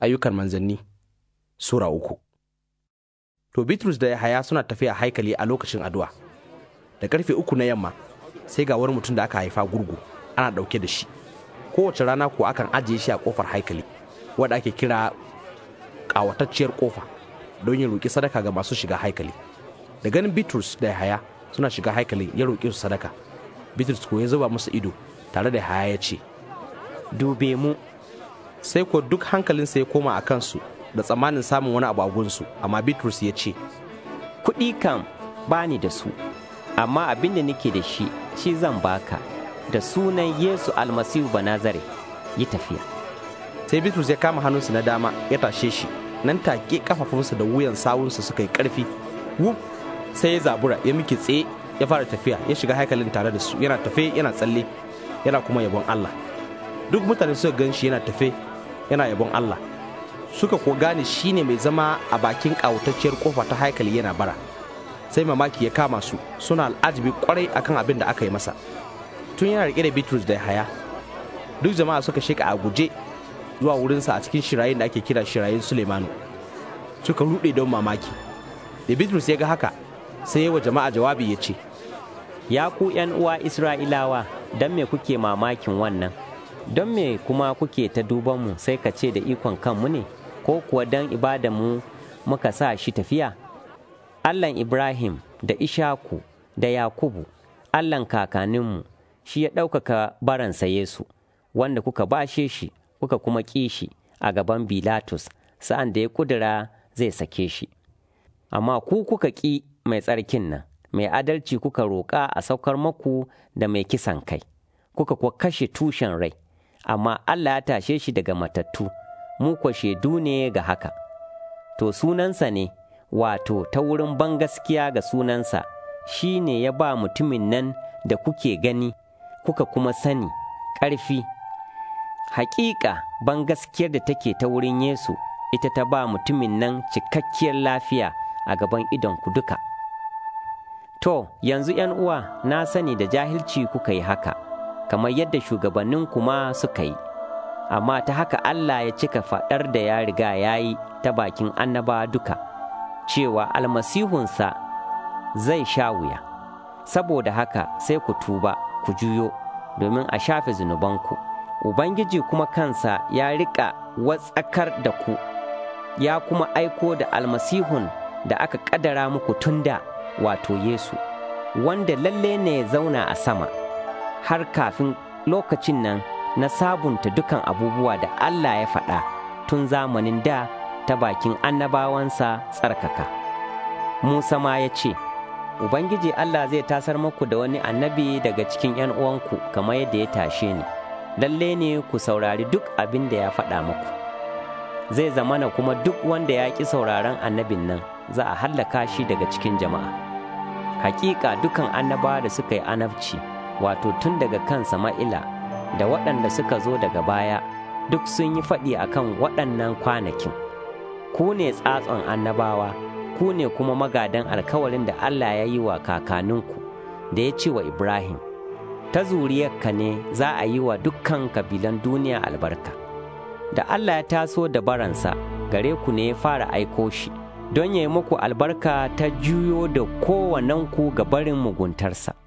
ayyukan manzanni Sura uku. To Bitrus da Yahaya suna tafiya haikali a lokacin addu'a. Da ƙarfe uku na yamma sai ga wani mutum da aka haifa gurgu ana ɗauke da shi. Kowace rana kuwa akan ajiye shi a ƙofar haikali wadda ake kira ƙawatacciyar ƙofa don yin roƙi sadaka ga masu shiga haikali. Da ganin Bitrus da Yahaya suna shiga haikali ya roƙi su sadaka. Bitrus ko ya zuba musu ido tare da Yahaya ya ce, Dube mu sai ko duk hankalinsa ya koma a kansu da tsammanin samun wani abu a gunsu amma bitrus ya ce kuɗi kam bani da su amma abin da nake da shi shi zan baka da sunan yesu almasihu banazare yi tafiya sai bitrus ya kama hannunsa na dama ya tashe shi nan take kafafunsa da wuyan sawunsa suka yi karfi wuf sai ya zabura ya miki tsaye ya fara tafiya ya shiga haikalin tare da su yana tafe yana tsalle yana kuma yabon allah duk mutane suka gan shi yana tafe yana yabon Allah suka ko gane shi ne mai zama a bakin ƙawatacciyar kofa ta haikali yana bara sai mamaki ya kama su suna al'ajibi kwarai akan abin da aka yi masa tun yana riƙe da bitrus da haya duk jama'a suka sheka a guje zuwa wurinsa a cikin shirayin da ake kira shirayin sulemanu suka ruɗe don mamaki da bitrus ya ga haka sai wa jama'a jawabi ya ce ya ku uwa isra'ilawa Dan me kuke mamakin wannan don me kuma kuke ta duban mu sai ka ce da ikon kanmu ne ko kuwa don mu muka sa shi tafiya allahn ibrahim da ishaku da yakubu allan kakaninmu shi ya ɗaukaka baransa yesu wanda kuka bashe shi kuka kuma ƙi shi a gaban bilatus sa'an da ya kudura zai sake shi amma ku kuka ƙi mai tsarkin nan mai adalci kuka roƙa a saukar maku da mai kisan kai kuka kuwa kashe tushen rai amma Allah ya tashe shi daga matattu, mu kwa shaidu ne ga haka. To sunansa ne, wato ta wurin bangaskiya ga sunansa, shi ne ya ba mutumin nan da kuke gani, kuka kuma sani, ƙarfi. Hakika bangaskiyar da take ta wurin Yesu, ita ta ba mutumin nan cikakkiyar lafiya a gaban idonku duka. To, yanzu uwa na sani da jahilci kuka yi haka. kamar yadda shugabannin kuma suka yi amma ta haka Allah ya cika faɗar da ya riga ya yi ta bakin annaba duka cewa almasihunsa zai sha wuya saboda haka sai ku tuba ku juyo domin a shafe zunubanku ubangiji kuma kansa ya riƙa watsakar da ku ya kuma aiko da almasihun da aka ƙadara muku tun da wato yesu wanda lalle ne ya zauna a sama. har kafin lokacin nan na sabunta dukan abubuwa da Allah ya faɗa tun zamanin da ta bakin annabawansa tsarkaka. Musa ma ya ce, Ubangiji Allah zai tasar muku da wani annabi daga cikin ‘yan uwanku kamar yadda ya tashe ni, lalle ne ku saurari duk abin da ya faɗa muku. Zai zamana kuma duk wanda ya ƙi sauraron annabin nan za a hallaka shi daga cikin jama'a. Hakika dukan annabawa da suka yi anabci. wato tun daga kan sama'ila da waɗanda suka zo daga baya duk sun yi faɗi a kan waɗannan kwanakin ku ne tsatson annabawa ku ne kuma magadan alkawarin da allah ya yi wa kakaninku da ya ce wa ibrahim ta zuriyarka ne za a yi wa dukkan kabilan duniya albarka da allah ya taso da baransa gare ku ne ya fara aiko shi don ya yi muku albarka ta juyo da kowannenku ga barin muguntarsa